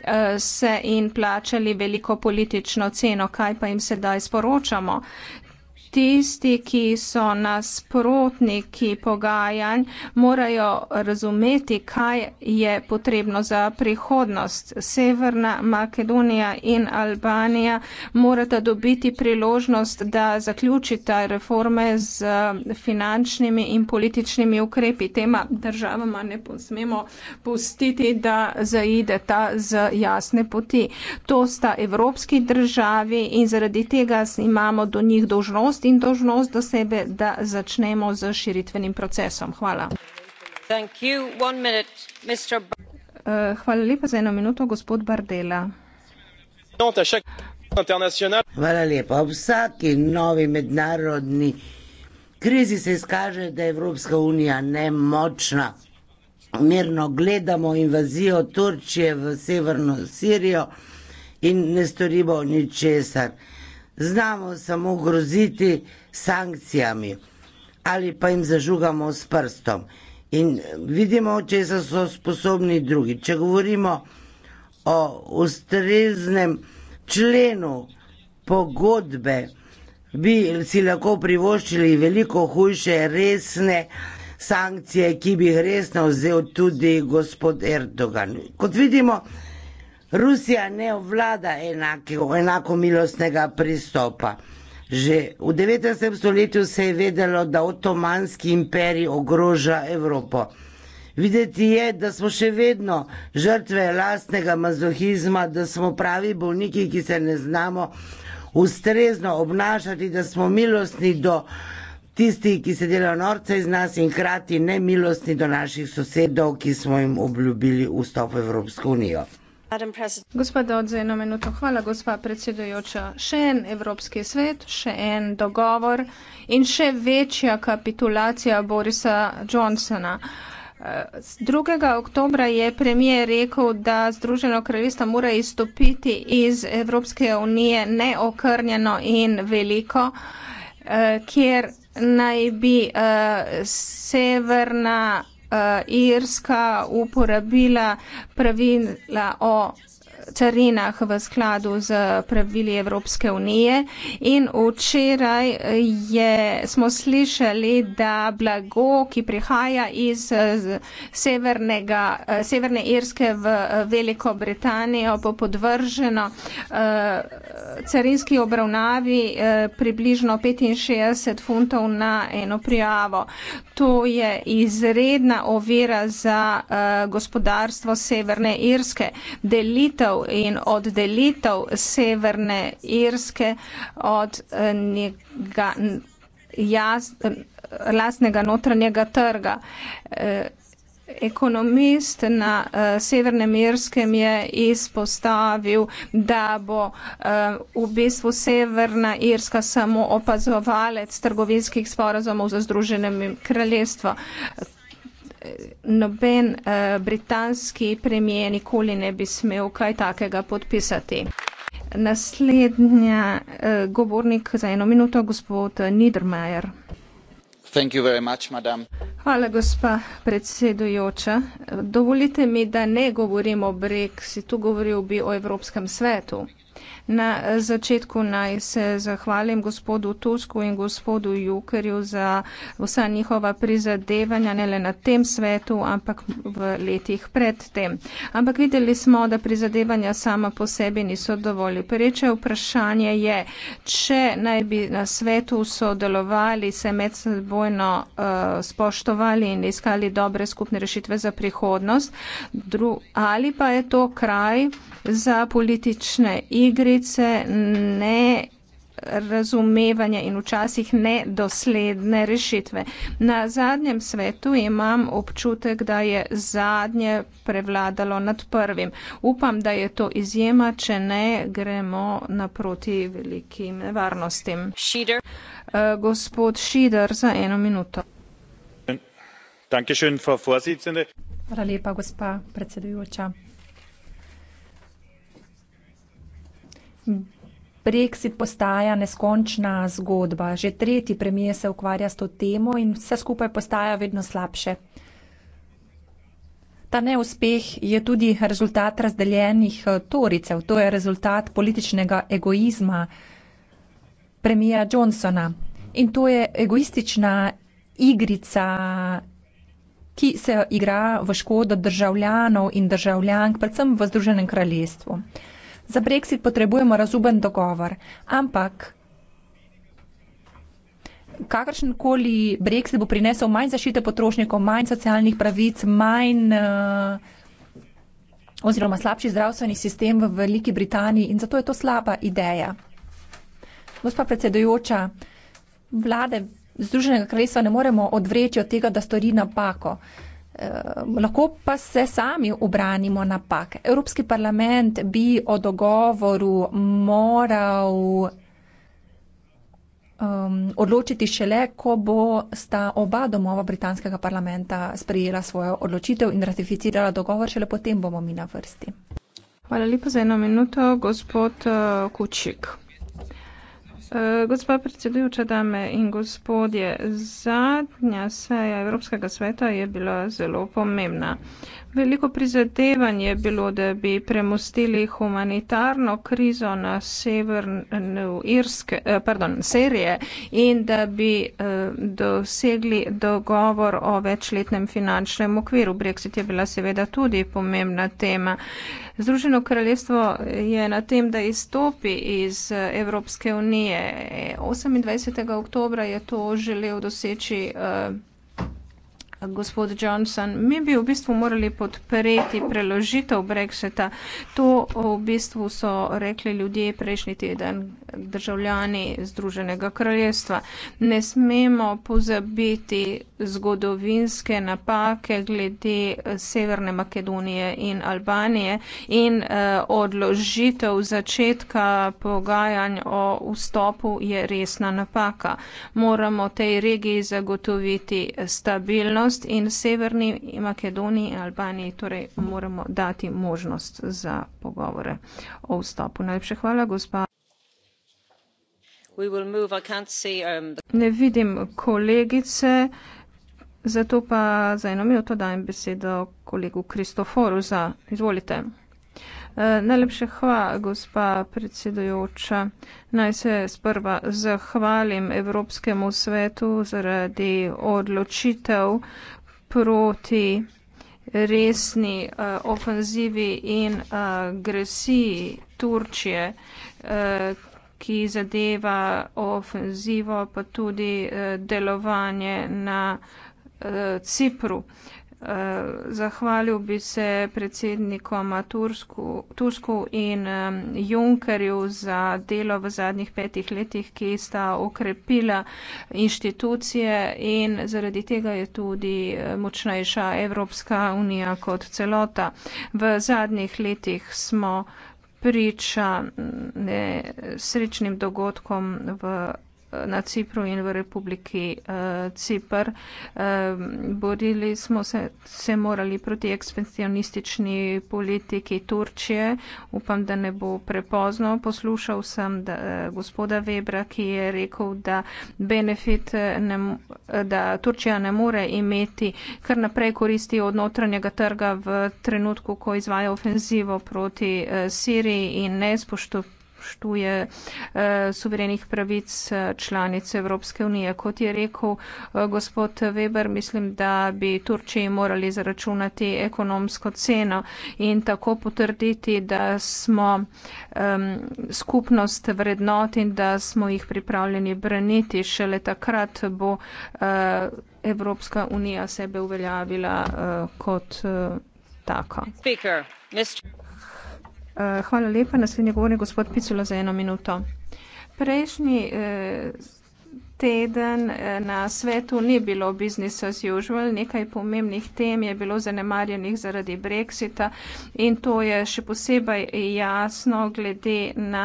eh, se in plačali veliko politično ceno. Kaj pa jim sedaj sporočamo? tisti, ki so nasprotniki pogajanj, morajo razumeti, kaj je potrebno za prihodnost. Severna Makedonija in Albanija morata dobiti priložnost, da zaključita reforme z finančnimi in političnimi ukrepi. Tema državama ne smemo pustiti, da zaide ta z jasne poti. To sta evropski državi in zaradi tega imamo do njih dožnost čast in dožnost do sebe, da začnemo z širitvenim procesom. Hvala. Eh, hvala lepa za eno minuto, gospod Bardela. Hvala lepa. Ob vsaki novi mednarodni krizi se izkaže, da je Evropska unija nemočna. Mirno gledamo invazijo Turčije v severno Sirijo in ne storimo ničesar znamo samo groziti sankcijami ali pa jim zažugamo s prstom in vidimo, če so sposobni drugi. Če govorimo o ustreznem členu pogodbe, bi si lahko privoščili veliko hujše, resne sankcije, ki bi jih resno vzel tudi gospod Erdogan. Kot vidimo, Rusija ne obvlada enakega, enako milostnega pristopa. Že v 19. stoletju se je vedelo, da otomanski imperij ogroža Evropo. Videti je, da smo še vedno žrtve lastnega mazohizma, da smo pravi bolniki, ki se ne znamo ustrezno obnašati, da smo milostni do tistih, ki se delajo norce iz nas in krati nemilostni do naših sosedov, ki smo jim obljubili vstop v Evropsko unijo. Gospod, za eno minuto. Hvala, gospa predsedujoča. Še en Evropski svet, še en dogovor in še večja kapitulacija Borisa Johnsona. 2. Eh, oktobra je premijer rekel, da Združeno kraljestvo mora izstopiti iz Evropske unije neokrnjeno in veliko, eh, kjer naj bi eh, severna uh, Irska uporabila pravila o carinah v skladu z pravili Evropske unije in včeraj je, smo slišali, da blago, ki prihaja iz severnega, severne Irske v Veliko Britanijo, bo podvrženo eh, carinski obravnavi eh, približno 65 funtov na eno prijavo. To je izredna ovira za eh, gospodarstvo Severne Irske. Delitev in od delitev Severne Irske, od eh, njega jaz, eh, lastnega notranjega trga. Eh, ekonomist na uh, Severnem Irskem je izpostavil, da bo uh, v bistvu Severna Irska samo opazovalec trgovinskih sporazumov za Združenem kraljestvom noben uh, britanski premijer nikoli ne bi smel kaj takega podpisati. Naslednja uh, govornik za eno minuto, gospod Niedermeyer. Thank you very much, madam. Hvala, gospa predsedujoča. Dovolite mi, da ne govorim o Brexitu, govoril bi o Evropskem svetu. Na začetku naj se zahvalim gospodu Tusku in gospodu Jukerju za vsa njihova prizadevanja, ne le na tem svetu, ampak v letih predtem. Ampak videli smo, da prizadevanja sama po sebi niso dovolj. Preče vprašanje je, če naj bi na svetu sodelovali, se med sebojno uh, eh, spoštovali in iskali dobre skupne rešitve za prihodnost, Dru ali pa je to kraj za politične igre, krivice, ne razumevanja in včasih nedosledne rešitve. Na zadnjem svetu imam občutek, da je zadnje prevladalo nad prvim. Upam, da je to izjema, če ne gremo naproti velikim nevarnostim. Schieder. Eh, gospod Šider, za eno minuto. Hvala lepa, gospa predsedujoča. Brexit postaja neskončna zgodba. Že tretji premijer se ukvarja s to temo in vse skupaj postaja vedno slabše. Ta neuspeh je tudi rezultat razdeljenih eh, toricev, to je rezultat političnega egoizma premijera Johnsona. In to je egoistična igrica, ki se igra v škodo državljanov in državljank, predvsem v Združenem kraljestvu. Za brexit potrebujemo razumen dogovor, ampak kakršen koli brexit bo prinesel manj zaščite potrošnikov, manj socialnih pravic, manj eh, oziroma slabši zdravstveni sistem v Veliki Britaniji in zato je to slaba ideja. Gospa predsedujoča, vlade Združenega kraljestva ne moremo odvreči od tega, da stori napako. Uh, Ehm, lahko pa se sami obranimo napak. Evropski parlament bi o dogovoru moral um, odločiti šele, ko bo sta oba domova britanskega parlamenta sprejela svojo odločitev in ratificirala dogovor, šele potem bomo mi na vrsti. Hvala lepa za eno minuto, gospod uh, Kučik. Eh, gospa predsedujoča, dame in gospodje, zadnja seja Evropskega sveta je bila zelo pomembna. Uh, Veliko prizadevanje je bilo, da bi premustili humanitarno krizo na severnu Irske, eh, pardon, Serije in da bi eh, dosegli dogovor o večletnem finančnem okviru. Brexit je bila seveda tudi pomembna tema. Združeno kraljestvo je na tem, da izstopi iz eh, Evropske unije. 28. oktobra je to želel doseči gospod Johnson. Mi bi v bistvu morali podpreti preložitev brexita. To v bistvu so rekli ljudje prejšnji teden, državljani Združenega kraljestva. Ne smemo pozabiti zgodovinske napake glede eh, Severne Makedonije in Albanije in eh, odložitev začetka pogajanj o vstopu je resna napaka. Moramo tej regiji zagotoviti stabilnost prihodnost in Severni Makedoniji in Albaniji torej moramo dati možnost za pogovore o vstopu. Najlepše hvala, gospa. See, um, the... Ne vidim kolegice, zato pa za eno minuto dajem besedo kolegu Kristoforu za izvolite. Eh, najlepša hvala, gospa predsedujoča. Naj se sprva zahvalim Evropskemu svetu zaradi odločitev proti resni uh, ofenzivi in eh, agresiji uh, Turčije, uh, ki zadeva ofenzivo, pa tudi uh, delovanje na uh, Cipru. Uh, Eh, zahvalil bi se predsednikoma Tursku, Tusku in um, Junkerju za delo v zadnjih petih letih, ki sta okrepila inštitucije in zaradi tega je tudi eh, močnejša Evropska unija kot celota. V zadnjih letih smo priča ne, srečnim dogodkom v na Cipru in v Republiki uh, eh, Cipr. Uh, bodili smo se, se morali proti ekspansionistični politiki Turčije. Upam, da ne bo prepozno. Poslušal sem da, uh, gospoda Webra, ki je rekel, da, benefit, eh, ne, da Turčija ne more imeti kar naprej koristi od notranjega trga v trenutku, ko izvaja ofenzivo proti uh, Siriji in ne spoštuje spoštuje eh, suverenih pravic eh, članice Evropske unije. Kot je rekel eh, gospod Weber, mislim, da bi Turčiji morali zaračunati ekonomsko ceno in tako potrditi, da smo um, skupnost vrednot in da smo jih pripravljeni braniti. Šele takrat bo uh, Evropska unija sebe uveljavila uh, kot uh, taka. Speaker, Mr. Eh, hvala lepa. Naslednji govornik, gospod Picula, za eno minuto. Prejšnji eh, teden eh, na svetu ni bilo business as usual, nekaj pomembnih tem je bilo zanemarjenih zaradi Brexita in to je še posebej jasno glede na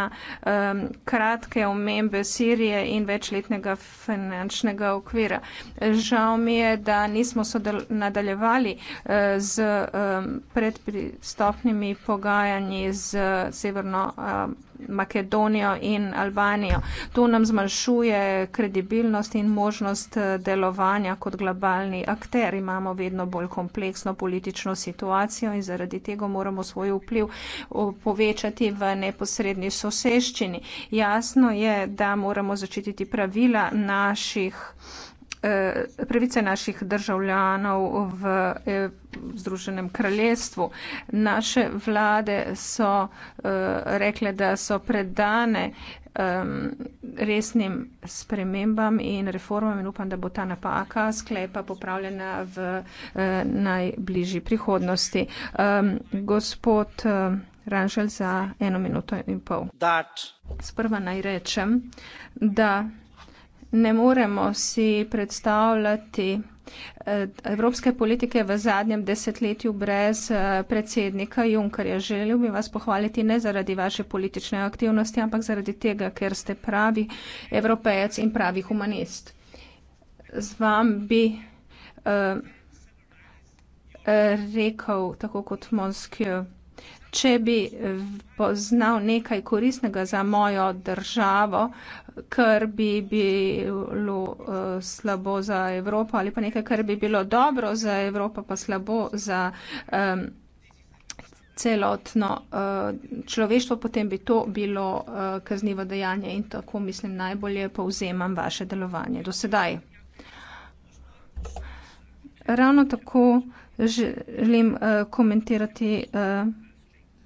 um, kratke omembe Sirije in večletnega finančnega okvira. Žal mi je, da nismo nadaljevali uh, z um, predpristopnimi pogajanji z Severno. Um, Makedonijo in Albanijo. To nam zmanjšuje kredibilnost in možnost eh, delovanja kot globalni akter. Imamo vedno bolj kompleksno politično situacijo in zaradi tega moramo svoj vpliv povečati v neposrednji soseščini. Jasno je, da moramo začititi pravila naših Eh, pravice naših državljanov v eh, Združenem kraljestvu. Naše vlade so eh, rekle, da so predane ehm, resnim spremembam in reformam in upam, da bo ta napaka sklepa popravljena v najbližji prihodnosti. Ehm, gospod Ranžel za eno minuto in pol. Sprva naj rečem, da ne moremo si predstavljati eh, evropske politike v zadnjem desetletju brez eh, predsednika Junkerja. Želel bi vas pohvaliti ne zaradi vaše politične aktivnosti, ampak zaradi tega, ker ste pravi evropejec in pravi humanist. Z vam bi uh, rekel, tako kot Moskva, če bi eh, poznal nekaj koristnega za mojo državo, kar bi bilo eh, slabo za Evropo ali pa nekaj, kar bi bilo dobro za Evropo, pa slabo za um, celotno uh, človeštvo, potem bi to bilo uh, kaznivo dejanje in tako mislim najbolje povzemam vaše delovanje do sedaj. Ravno tako želim uh, komentirati. Uh,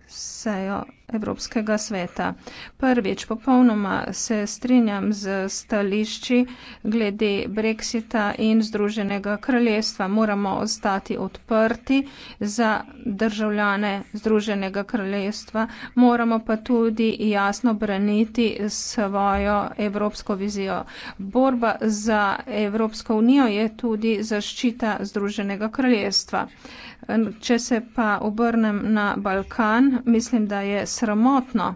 sejo Evropskega sveta. Prvič, popolnoma se strinjam z stališči glede Brexita in Združenega kraljestva. Moramo ostati odprti za državljane Združenega kraljestva, moramo pa tudi jasno braniti svojo evropsko vizijo. Borba za Evropsko unijo je tudi zaščita Združenega kraljestva. Če se pa obrnem na Balkan, mislim, da je sramotno,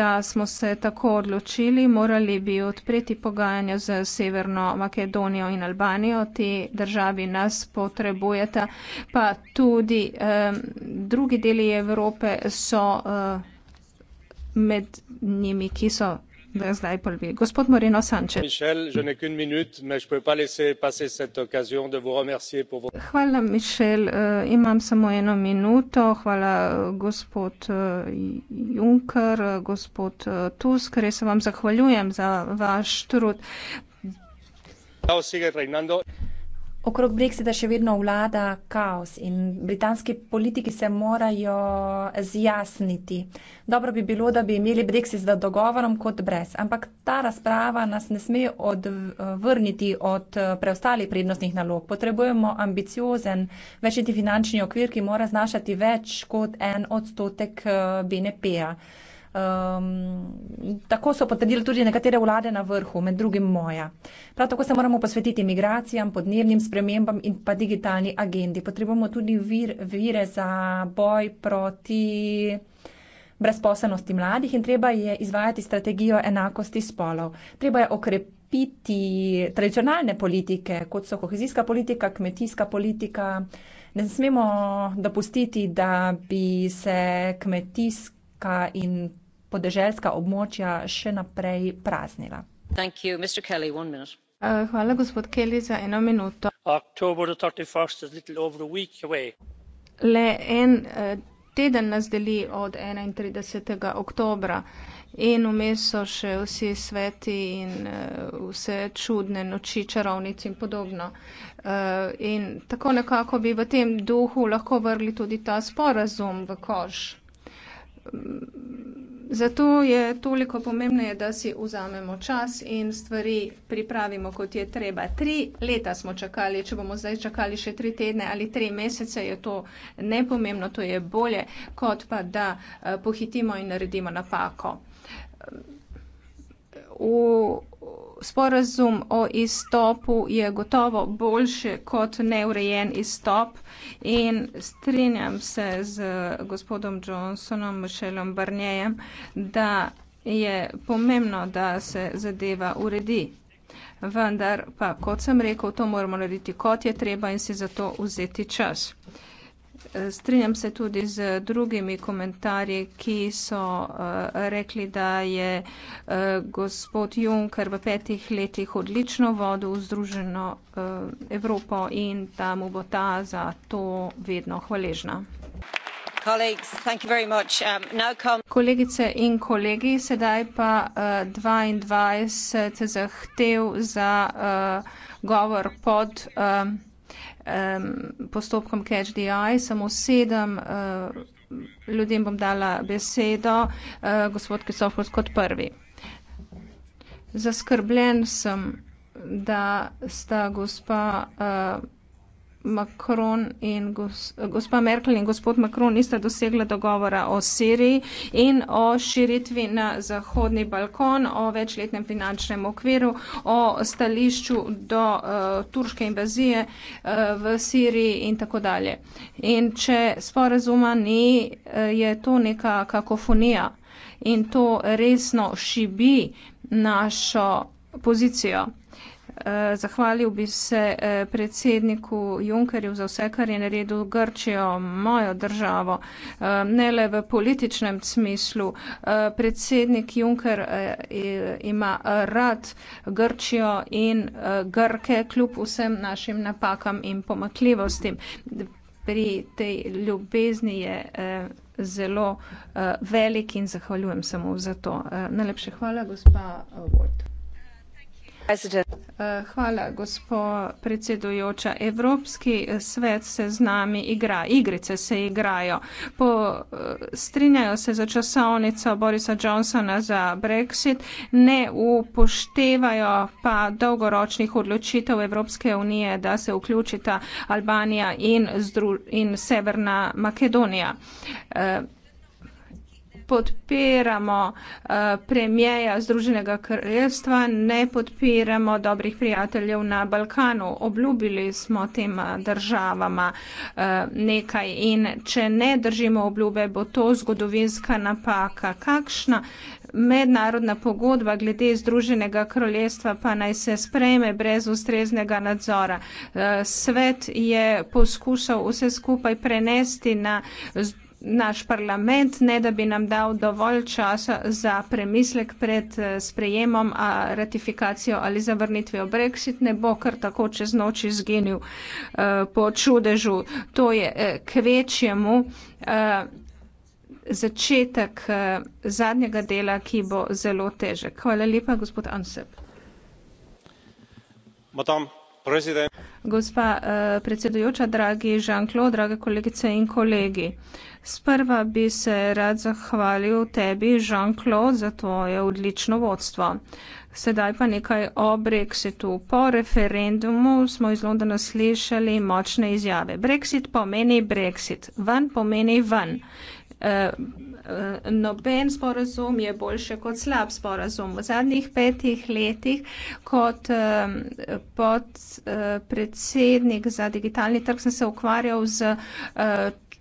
da smo se tako odločili, morali bi odpreti pogajanja z Severno Makedonijo in Albanijo, ti državi nas potrebujete, pa tudi eh, drugi deli Evrope so. Eh, med njimi, ki so zdaj pa vi. Gospod Moreno Sanchez. Hvala, Michel. Eh, imam samo eno minuto. Hvala, gospod eh, Juncker, gospod eh, Tusk. Res se vam zahvaljujem za vaš trud. Hvala, sigue reinando. Okrog Brexita še vedno vlada kaos in britanski politiki se morajo zjasniti. Dobro bi bilo, da bi imeli Brexit z dogovorom kot brez, ampak ta razprava nas ne sme odvrniti od preostalih prednostnih nalog. Potrebujemo ambiciozen večjeti finančni okvir, ki mora znašati več kot en odstotek eh, BNP-a. Um, tako so potrdili tudi nekatere vlade na vrhu, med drugim moja. Prav tako se moramo posvetiti migracijam, podnebnim spremembam in pa digitalni agendi. Potrebujemo tudi vir, vire za boj proti brezposelnosti mladih in treba je izvajati strategijo enakosti spolov. Treba je okrepiti tradicionalne politike, kot so kohezijska politika, kmetijska politika. Ne smemo dopustiti, da bi se kmetijska in podeželska območja še naprej praznila. Uh, hvala, gospod Kelly, za eno minuto. Le en uh, teden nas deli od 31. oktobra in vmes so še vsi sveti in uh, vse čudne noči čarovnic in podobno. In tako nekako bi v tem duhu lahko vrli tudi ta sporazum v koš. Zato je toliko pomembneje, da si vzamemo čas in stvari pripravimo, kot je treba. Tri leta smo čakali, če bomo zdaj čakali še tri tedne ali tri mesece, je to nepomembno, to je bolje, kot pa da eh, pohitimo in naredimo napako. V sporazum o izstopu je gotovo boljše kot neurejen izstop in strinjam se z gospodom Johnsonom, Mišelom Barnjejem, da je pomembno, da se zadeva uredi. Vendar pa, kot sem rekel, to moramo narediti kot je treba in si zato vzeti čas. Eh, strinjam se tudi z drugimi komentarji, ki so eh, rekli, da je eh, gospod Juncker v petih letih odlično vodil v Združeno Evropo in da mu bo ta za to vedno hvaležna. Um, Kolegice in kolegi, sedaj pa 22 zahtev za govor pod vsega um, postopkom Catch the Eye. Samo sedem uh, ljudem bom dala besedo, uh, gospod Kisofos kot prvi. Zaskrbljen sem, da sta gospa. Uh, Macron in gos, gospa Merkel in gospod Macron nista dosegla dogovora o Siriji in o širitvi na Zahodni Balkon, o večletnem finančnem okviru, o stališču do uh, turške invazije uh, v Siriji in tako dalje. In če sporazuma ni, uh, je to neka kakofonija in to resno šibi našo pozicijo. Eh, zahvalil bi se eh, predsedniku Junkerju za vse, kar je naredil Grčijo, mojo državo, eh, ne le v političnem smislu. Predsednik Junker ima rad Grčijo in Grke kljub vsem našim napakam in pomakljivostim. Pri tej ljubezni je zelo velik in zahvaljujem se mu za to. Najlepše hvala, gospa Ward. President. Eh, hvala, gospod predsedujoča. Evropski eh, svet se z nami igra, igrice se igrajo. Po, eh, strinjajo se za časovnico Borisa Johnsona za Brexit, ne upoštevajo pa dolgoročnih odločitev Evropske unije, da se vključita Albanija in, in Severna Makedonija. E, podpiramo eh, premijeja Združenega kraljestva, ne podpiramo dobrih prijateljev na Balkanu. Obljubili smo tem eh, državama eh, nekaj in če ne držimo obljube, bo to zgodovinska napaka. Kakšna mednarodna pogodba glede Združenega kraljestva pa naj se sprejme brez ustreznega nadzora. Svet je poskušal vse skupaj prenesti na naš parlament, ne da bi nam dal dovolj časa za premislek pred eh, sprejemom, a ratifikacijo ali zavrnitvijo Brexit ne bo kar tako čez noč izginil uh, po čudežu. To je uh, kvečjemu uh, začetek uh, zadnjega dela, ki bo zelo težek. Hvala lepa, gospod Ansep. Madame. Gospa uh, predsedujoča, dragi Žanklo, drage kolegice in kolegi. Uh, Sprva bi se rad zahvalil tebi, Jean-Claude, za tvoje odlično vodstvo. Sedaj pa nekaj o Brexitu. Po referendumu smo iz Londona slišali močne izjave. Brexit pomeni Brexit, ven pomeni ven. Eh, eh, noben sporazum je boljše kot slab sporazum. V zadnjih petih letih kot eh, pod predsednik za digitalni trg sem se ukvarjal z